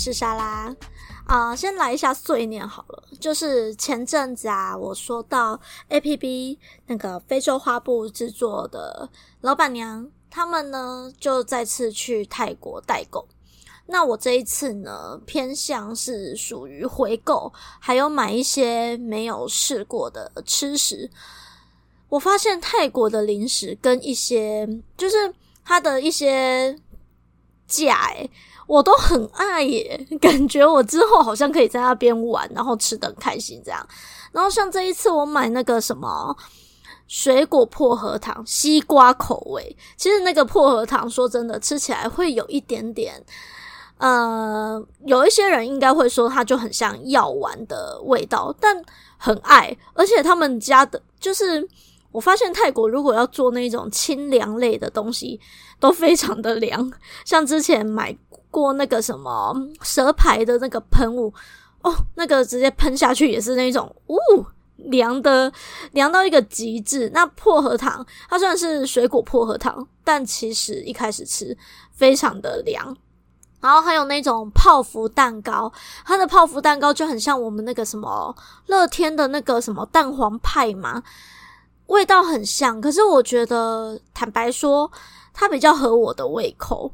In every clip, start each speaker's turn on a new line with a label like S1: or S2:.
S1: 吃沙拉，啊、呃，先來一下碎念好了。就是前陣子啊，我說到 APP 那個非洲花布製作的老板娘，他們呢就再次去泰國代購。那我這一次呢，偏向是屬於回購，還有買一些沒有試過的吃食。我發現泰國的零食跟一些，就是它的一些價我都很愛耶，感覺我之後好像可以在那邊玩，然後吃得很開心這樣。然後像這一次我買那個什麼水果薄荷糖，西瓜口味。其實那個薄荷糖，說真的，吃起來會有一點點，呃，有一些人應該會說它就很像藥丸的味道，但很愛。而且他們家的就是，我發現泰國如果要做那種清涼類的東西，都非常的涼。像之前買過那個什麼蛇牌的那個噴霧哦，那個直接噴下去也是那種，嗚，涼的涼到一個極致。那薄荷糖它雖然是水果薄荷糖，但其實一開始吃非常的涼。然後還有那種泡芙蛋糕，它的泡芙蛋糕就很像我們那個什麼樂天的那個什麼蛋黃派嘛，味道很像。可是我覺得坦白說，它比較合我的胃口。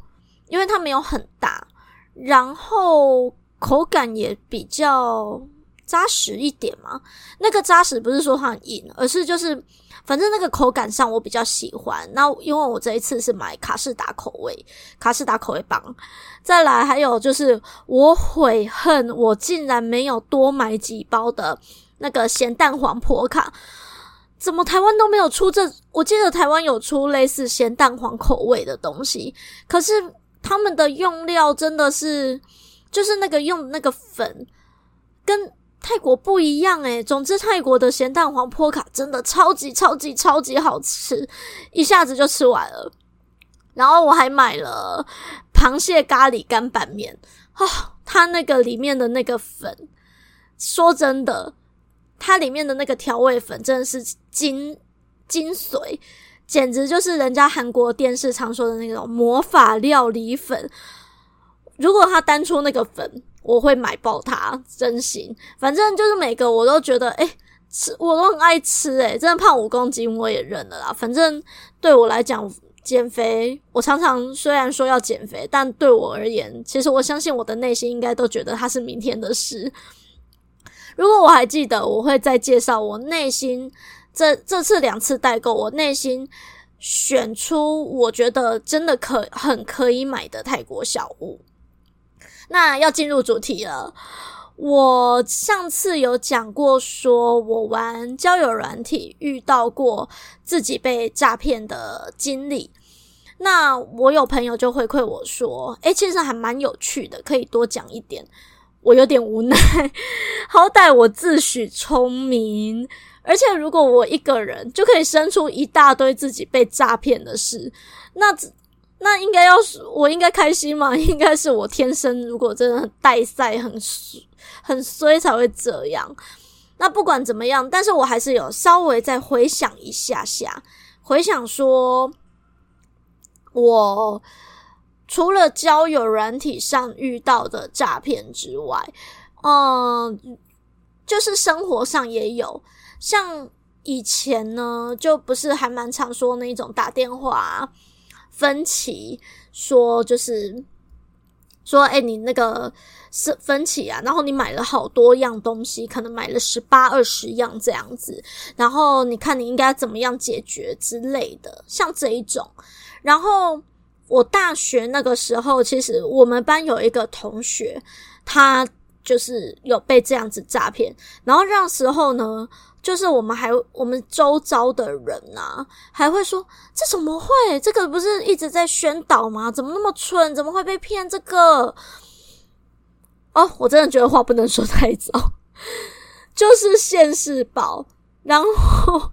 S1: 因為它沒有很大，然後口感也比較扎實一點嘛。那個扎實不是說它很硬，而是就是反正那個口感上我比較喜歡。那因為我這一次是買卡士達口味，卡士達口味棒。再來還有就是我悔恨我竟然沒有多買幾包的那個鹹蛋黃婆卡。怎麼台灣都沒有出這？我記得台灣有出類似鹹蛋黃口味的東西，可是。他們的用料真的是，就是那個用那個粉，跟泰國不一樣哎、欸。總之，泰國的鹹蛋黃潑卡真的超級超級超級好吃，一下子就吃完了。然後我還買了螃蟹咖喱乾拌麵，哦，它那個裡面的那個粉，說真的，它裡面的那個調味粉真的是精精髓。簡直就是人家韓國電視常說的那種魔法料理粉。如果他單出那個粉，我會買爆它，真心。反正就是每個我都覺得，誒、欸，吃我都很愛吃、欸，誒，真的胖五公斤我也認了啦。反正對我來講，減肥，我常常雖然說要減肥，但對我而言，其實我相信我的內心應該都覺得它是明天的事。如果我還記得，我會再介紹我內心。這這次兩次代購，我內心選出我覺得真的可很可以買的泰國小物。那要進入主題了，我上次有講過，說我玩交友軟體遇到過自己被詐騙的經歷。那我有朋友就回饋我說：“誒，其實還蠻有趣的，可以多講一點。”我有點無奈，好歹我自詡聰明。而且，如果我一個人就可以生出一大堆自己被詐騙的事，那那應該要是我應該開心嘛？應該是我天生如果真的很帶賽、很很衰才會這樣。那不管怎麼樣，但是我還是有稍微再回想一下下，回想說，我除了交友軟體上遇到的詐騙之外，嗯，就是生活上也有。像以前呢，就不是還蠻常說那種打電話分期，說就是說，誒、欸、你那個是分期啊，然後你買了好多樣東西，可能買了十八二十樣這樣子，然後你看你應該怎麼樣解決之類的，像這一種。然後我大學那個時候，其實我們班有一個同學，他就是有被這樣子詐騙，然後那時候呢。就是我們還我們周遭的人吶、啊，還會說，這怎麼會？這個不是一直在宣導嗎？怎麼那麼蠢？怎麼會被騙？這個哦，我真的覺得話不能說太早，就是現世報。然後，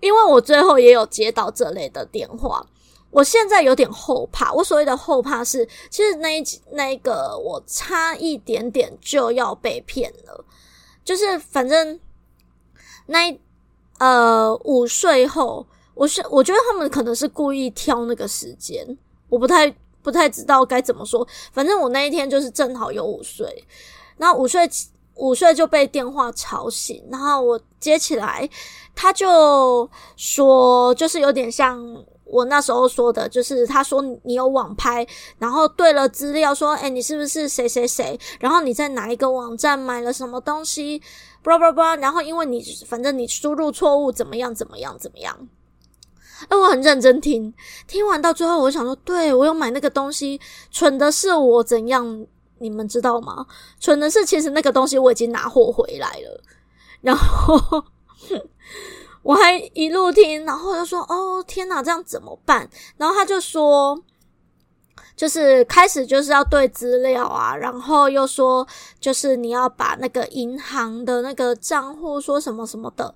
S1: 因為我最後也有接到這類的電話，我現在有點後怕。我所謂的後怕是，其實那一那一個我差一點點就要被騙了，就是反正。那一呃午睡後，我是我覺得他們可能是故意挑那個時間，我不太不太知道該怎麼說。反正我那一天就是正好有午睡，那午睡午睡就被電話吵醒，然後我接起來，他就說，就是有點像我那時候說的，就是他說你有網拍，然後對了資料說，誒、欸，你是不是誰誰誰？然後你在哪一個網站買了什麼東西？不不不，然後因為你反正你輸入錯誤，怎麼樣怎麼樣怎麼樣？那我很認真聽，聽完到最後，我想說，對，我有買那個東西。蠢的是我怎樣，你們知道嗎？蠢的是其實那個東西我已經拿貨回來了，然後 我還一路聽，然後就說：“哦天哪，這樣怎麼辦？”然後他就說，就是開始就是要對資料啊，然後又說就是你要把那個銀行的那個賬戶說什麼什麼的。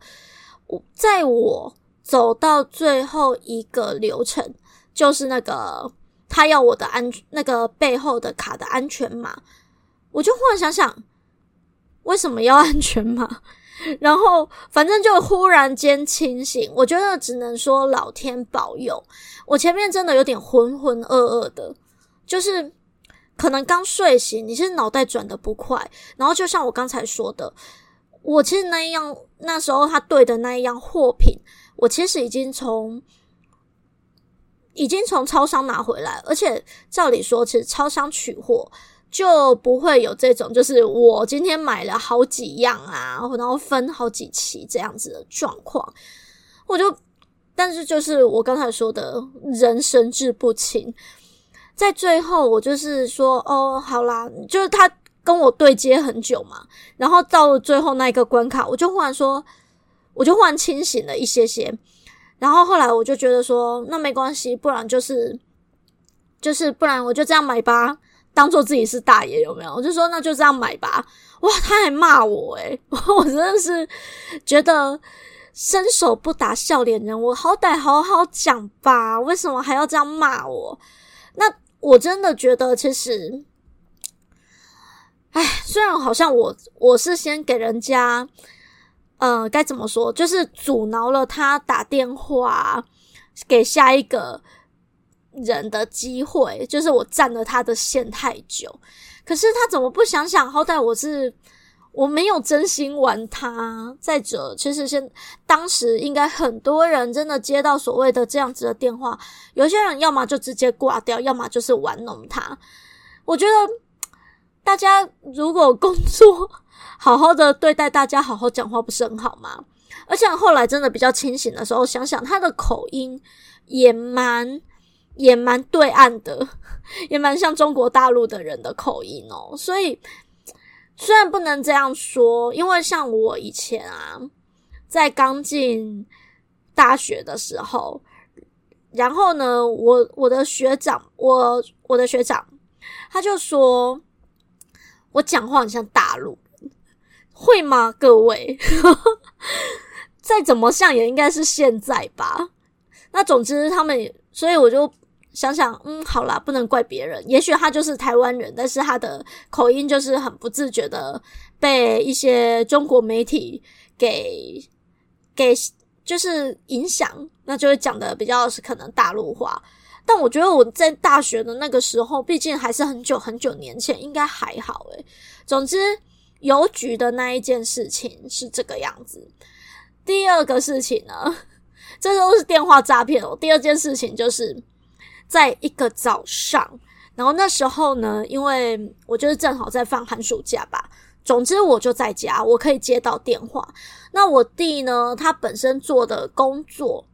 S1: 我在我走到最後一個流程，就是那個他要我的安那個背後的卡的安全碼，我就忽然想想為什麼要安全碼，然後反正就忽然間清醒。我覺得只能說老天保佑，我前面真的有點渾渾噩噩的。就是可能剛睡醒，你是腦袋轉得不快，然後就像我剛才說的，我其實那一樣，那時候他對的那一樣貨品，我其實已經從已經從超商拿回來，而且照理說，其實超商取貨就不會有這種，就是我今天買了好幾樣啊，然後分好幾期這樣子的狀況。我就，但是就是我剛才說的人神志不清。在最後，我就是說，哦，好啦，就是他跟我對接很久嘛，然後到了最後那一個關卡，我就忽然說，我就忽然清醒了一些些，然後後來我就覺得說，那沒關係，不然就是，就是不然我就這樣買吧，當做自己是大爺有沒有？我就說那就這樣買吧，哇，他還罵我誒、欸， 我真的是覺得伸手不打笑臉人，我好歹好好講吧，為什麼還要這樣罵我？那。我真的覺得，其實，哎，雖然好像我我是先給人家，呃，該怎麼說，就是阻撓了他打電話給下一個人的機會，就是我占了他的線太久。可是他怎麼不想想，好歹我是。我沒有真心玩他。再者，其實先當時應該很多人真的接到所謂的這樣子的電話，有些人要麼就直接掛掉，要麼就是玩弄他。我覺得大家如果工作好好的對待大家，好好講話，不是很好嗎？而且後來真的比較清醒的時候，想想他的口音也蠻也蠻對岸的，也蠻像中國大陸的人的口音哦、喔，所以。雖然不能這樣說，因為像我以前啊，在剛進大學的時候，然後呢，我我的學長，我我的學長，他就說我講話很像大陸人，會嗎？各位， 再怎麼像也應該是現在吧。那總之他們，所以我就。想想，嗯，好啦，不能怪別人。也許他就是台灣人，但是他的口音就是很不自覺的被一些中國媒體給給就是影響，那就會講得比較是可能大陸化。但我覺得我在大學的那個時候，畢竟還是很久很久年前，應該還好哎、欸。總之，郵局的那一件事情是這個樣子。第二個事情呢，這是都是電話詐騙哦。第二件事情就是。在一個早上，然後那時候呢，因為我就是正好在放寒暑假吧。總之，我就在家，我可以接到電話。那我弟呢，他本身做的工作，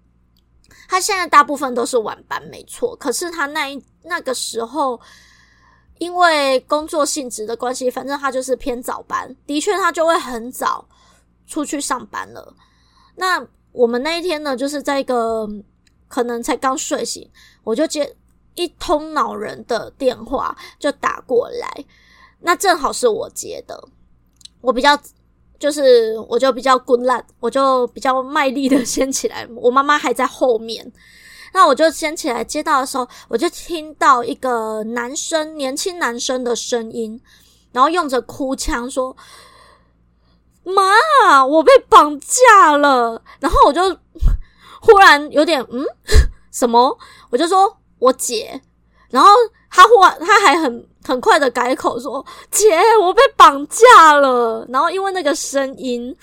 S1: 他現在大部分都是晚班，沒錯。可是他那一那個時候，因為工作性質的關係，反正他就是偏早班。的確，他就會很早出去上班了。那我們那一天呢，就是在一個，可能才剛睡醒，我就接一通惱人的電話就打過來，那正好是我接的，我比較就是我就比較滾爛，我就比較賣力的先起來。我媽媽還在後面，那我就先起來接到的時候，我就聽到一個男生年輕男生的聲音，然後用着哭腔說：“媽，我被綁架了。”然後我就。忽然有點嗯什麼，我就說我姐。然後他忽然他還很很快的改口說，姐，我被綁架了。然後因為那個聲音，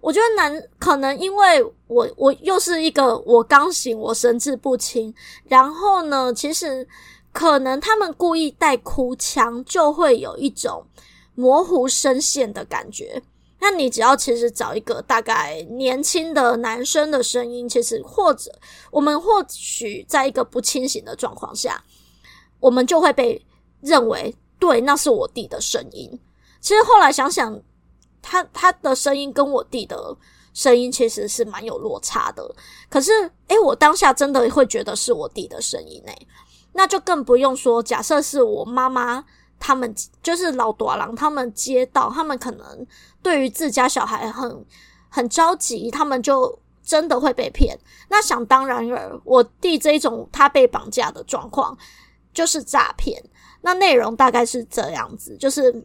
S1: 我覺得難可能因為我我又是一個我剛醒我神志不清，然後呢其實可能他們故意帶哭腔，就會有一種模糊聲線的感覺。那你只要其實找一個大概年輕的男生的聲音，其實或者我們或許在一個不清醒的狀況下，我們就會被認為對，那是我弟的聲音。其實後來想想，他他的聲音跟我弟的聲音其實是蠻有落差的。可是欸，我當下真的會覺得是我弟的聲音欸。那就更不用說，假設是我媽媽。他們就是老躲狼，他們接到，他們可能對於自家小孩很很着急，他們就真的會被騙。那想當然耳我弟這一種他被綁架的狀況就是詐騙。那內容大概是這樣子，就是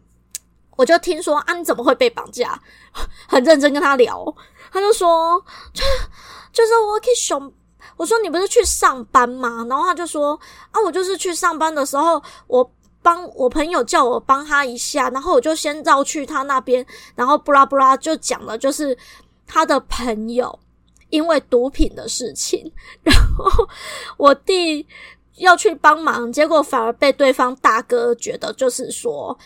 S1: 我就聽說啊，你怎麼會被綁架？很認真跟他聊，他就說，就就是我可以熊。我說你不是去上班嗎？然後他就說啊，我就是去上班的時候我。幫我朋友叫我幫他一下，然後我就先繞去他那邊，然後布拉布拉就講了，就是他的朋友因為毒品的事情，然後我弟要去幫忙，結果反而被對方大哥覺得就是說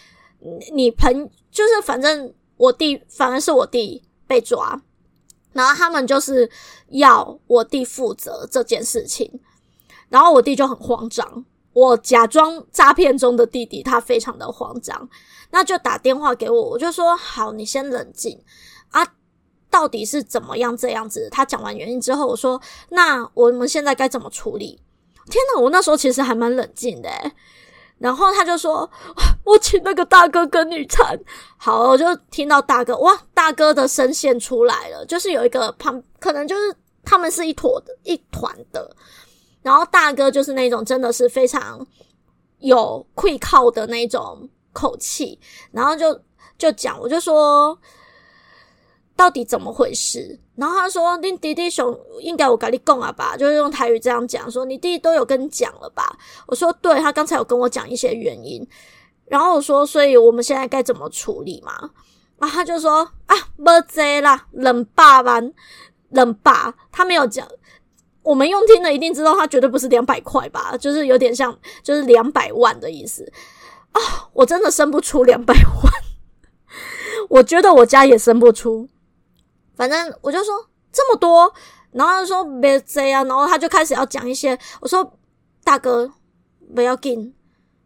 S1: 你朋，就是反正我弟反正是我弟被抓，然後他們就是要我弟負責這件事情，然後我弟就很慌張。我假裝詐騙中的弟弟，他非常的慌張，那就打電話給我，我就說好，你先冷靜啊，到底是怎麼樣這樣子？他講完原因之後，我說那我們現在該怎麼處理？天哪，我那時候其實還蠻冷靜的欸。然後他就說我請那個大哥跟你談，好，我就聽到大哥哇，大哥的聲線出來了，就是有一個旁，可能就是他們是一坨的一團的。然後大哥就是那種真的是非常有愧靠的那種口氣，然後就就講，我就說到底怎麼回事？然後他說你弟弟兄應該我跟你共啊吧，就是用台語這樣講說，你弟弟都有跟你講了吧？我說對，他剛才有跟我講一些原因，然後我說所以我們現在該怎麼處理嘛？然後他就說啊，沒接啦，冷霸完冷霸，他沒有講。我們用聽的一定知道，他絕對不是兩百塊吧？就是有點像，就是兩百萬的意思啊。哦！我真的生不出兩百萬， 我覺得我家也生不出。反正我就說這麼多，然後他就說，別這樣，然後他就開始要講一些。我說大哥，不要緊，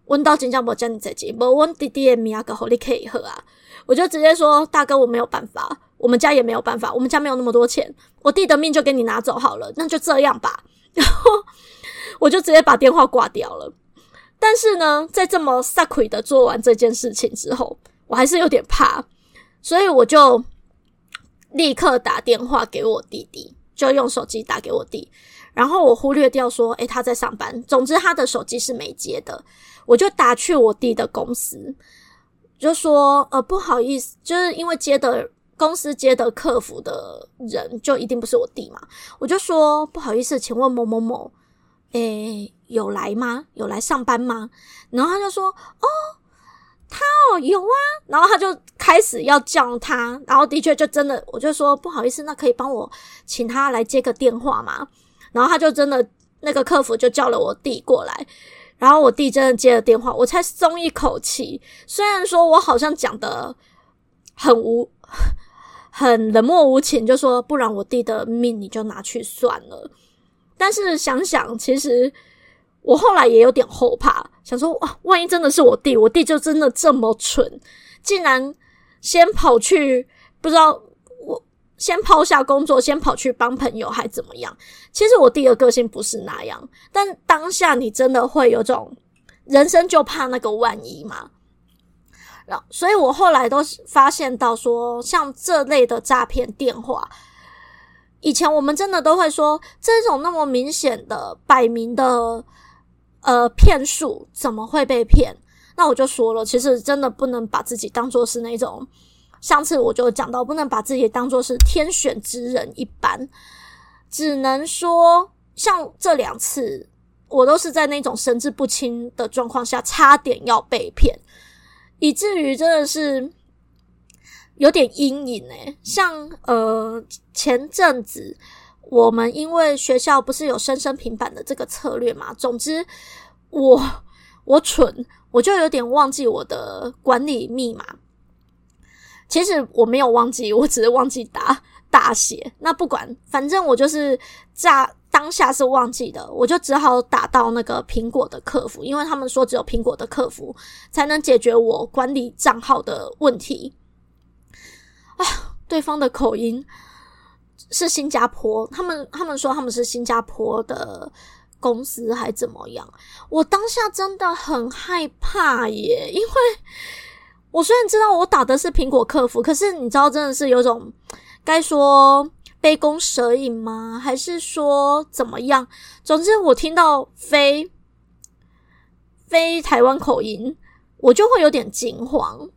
S1: 問到晉江我叫你着急，不問弟弟也米阿哥好，你可以喝啊。我就直接說大哥，我沒有辦法。我們家也沒有辦法，我們家沒有那麼多錢，我弟的命就給你拿走好了，那就這樣吧。然 後我就直接把電話掛掉了。但是呢，在這麼爽快的做完這件事情之後，我還是有點怕，所以我就立刻打電話給我弟弟，就用手機打給我弟，然後我忽略掉說，誒，他在上班，總之他的手機是沒接的，我就打去我弟的公司，就說，呃，不好意思，就是因爲接的。公司接的客服的人就一定不是我弟嘛。我就說不好意思，請問某某某。欸，有來嗎？有來上班嗎？然後他就說哦，他哦有啊。然後他就開始要叫他，然後的確就真的，我就說不好意思，那可以幫我請他來接個電話嗎？然後他就真的那個客服就叫了我弟過來，然後我弟真的接了電話，我才鬆一口氣。雖然說我好像講得很無。很冷漠無情，就說不然我弟的命你就拿去算了。但是想想，其實我後來也有點後怕，想說哇，萬一真的是我弟，我弟就真的這麼蠢，竟然先跑去不知道我先拋下工作，先跑去幫朋友還怎麼樣？其實我弟的個性不是那樣，但當下你真的會有種人生就怕那個萬一嘛？啊，所以，我後來都發現到說，像這類的詐騙電話，以前我們真的都會說，這種那麼明顯的擺明的呃騙術，怎麼會被騙？那我就說了，其實真的不能把自己當做是那種，上次我就講到，不能把自己當做是天選之人一般，只能說，像這兩次，我都是在那種神志不清的狀況下，差點要被騙。以至於真的是有點陰影呢、欸。像呃前陣子我們因為學校不是有生生平板的這個策略嘛，總之我我蠢，我就有點忘記我的管理密碼。其實我沒有忘記，我只是忘記打大寫。那不管，反正我就是炸。當下是忘記的，我就只好打到那個蘋果的客服，因為他們說只有蘋果的客服才能解決我管理賬號的問題。啊，對方的口音是新加坡，他們他們說他們是新加坡的公司，還怎麼樣？我當下真的很害怕耶，因為我雖然知道我打的是蘋果客服，可是你知道真的是有種，該說杯弓蛇影嗎？還是說怎麼樣？總之，我聽到非非台灣口音，我就會有點驚慌。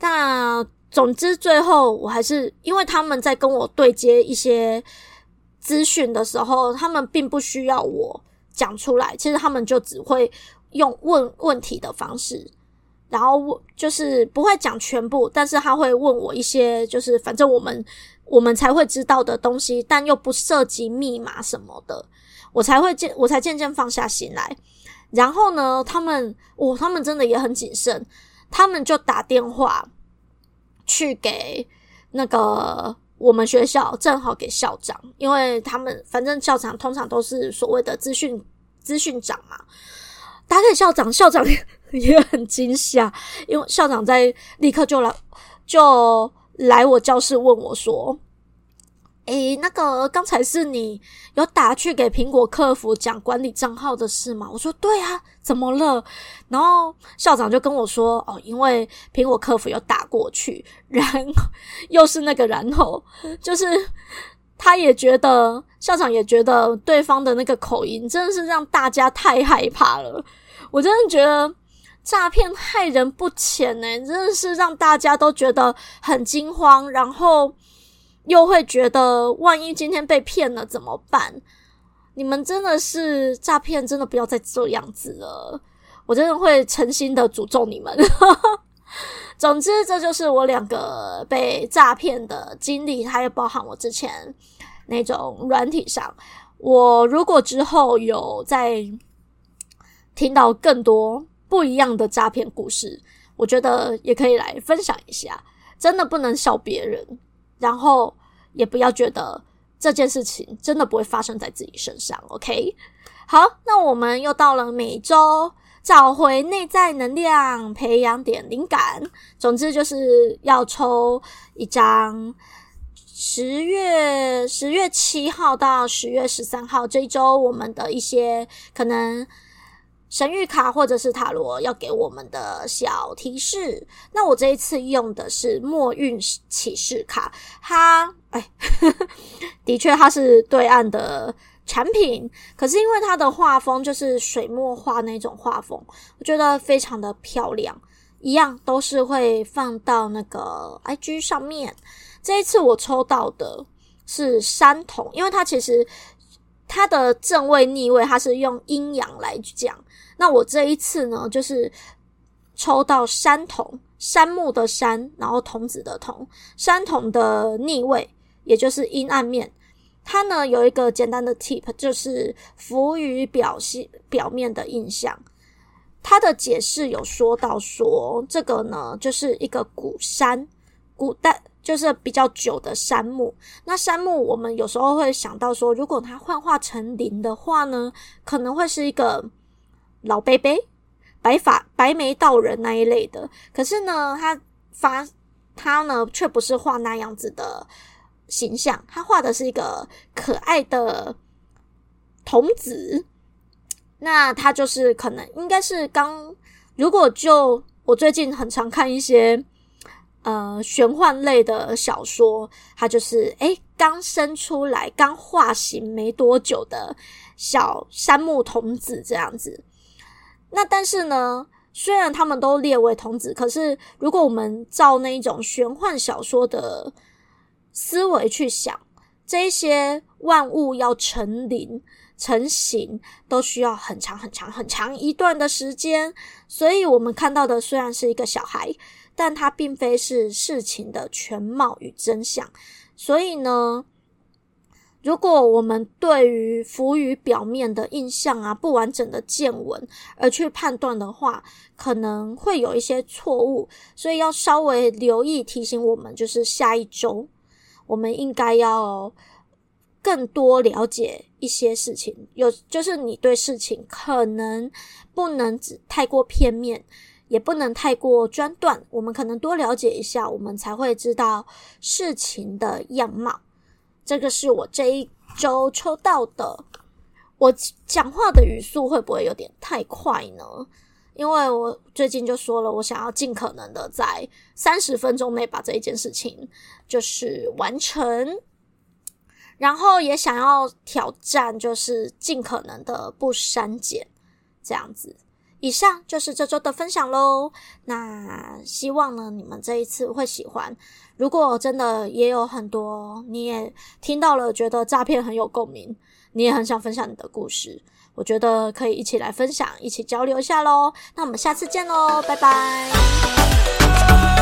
S1: 那總之，最後我還是因為他們在跟我對接一些資訊的時候，他們並不需要我講出來，其實他們就只會用問問題的方式。然後就是不會講全部，但是他會問我一些，就是反正我們我們才會知道的東西，但又不涉及密碼什麼的，我才會我才漸漸放下心來。然後呢，他們我、哦、他們真的也很謹慎，他們就打電話去給那個我們學校，正好給校長，因為他們反正校長通常都是所謂的資訊資訊長嘛，打給校長，校長。也很驚嚇，因為校長在立刻就來就來我教室問我說：“誒、欸，那個剛才是你有打去給蘋果客服講管理賬號的事嗎？”我說：“對啊，怎麼了？”然後校長就跟我說：“哦，因為蘋果客服有打過去，然又是那個，然後就是他也覺得校長也覺得對方的那個口音真的是讓大家太害怕了，我真的覺得。”詐騙害人不淺呢、欸，真的是讓大家都覺得很驚慌，然後又會覺得萬一今天被騙了怎麼辦？你們真的是詐騙，真的不要再這樣子了！我真的會誠心的詛咒你們。 總之，這就是我兩個被詐騙的經歷，還有包含我之前那種軟體上。我如果之後有再聽到更多。不一樣的詐騙故事，我覺得也可以來分享一下，真的不能笑別人。然後也不要覺得這件事情真的不會發生在自己身上，OK？好，那我們又到了每周找回內在能量，培養點靈感。總之就是要抽一張，十月十月七號到十月十三號這一周，我們的一些可能。神諭卡或者是塔羅要給我們的小提示，那我這一次用的是末運啟示卡，它，哎，呵呵，的確它是對岸的產品，可是因為它的畫風就是水墨畫那種畫風，我覺得非常的漂亮。一樣都是會放到那個 IG 上面。這一次我抽到的是三筒，因為它其實它的正位逆位，它是用陰陽來講。那我這一次呢，就是抽到山童，山木的山，然後童子的童。山童的逆位，也就是陰暗面。它呢有一個簡單的 tip，就是浮於表表面的印象。它的解釋有說到說，這個呢就是一個古山，古代就是比較久的山木。那山木我們有時候會想到說，如果它幻化成靈的話呢，可能會是一個。老伯伯、白髮白眉道人那一類的，可是呢，他發他呢卻不是畫那樣子的形象，他畫的是一個可愛的童子。那他就是可能應該是剛，如果就我最近很常看一些呃玄幻類的小說，他就是哎、欸，剛生出來、剛化形沒多久的小山木童子這樣子。那但是呢，雖然他們都列為童子，可是如果我們照那一種玄幻小說的思維去想，這些萬物要成靈成形，都需要很長很長很長一段的時間。所以，我們看到的雖然是一個小孩，但他並非是事情的全貌與真相。所以呢，如果我們對於浮於表面的印象啊、不完整的見聞而去判斷的話，可能會有一些錯誤，所以要稍微留意提醒我們，就是下一周我們應該要更多了解一些事情。有就是你對事情可能不能只太過片面，也不能太過專斷，我們可能多了解一下，我們才會知道事情的樣貌。這個是我這一周抽到的。我講話的語速會不會有點太快呢？因為我最近就說了，我想要盡可能的在30分鐘內把這一件事情就是完成，然後也想要挑戰，就是盡可能的不刪減，這樣子。以上就是這周的分享嘍。那希望呢，你們這一次會喜歡。如果真的也有很多，你也聽到了，覺得詐騙很有共鳴，你也很想分享你的故事，我覺得可以一起來分享，一起交流一下嘍。那我們下次見嘍，拜拜。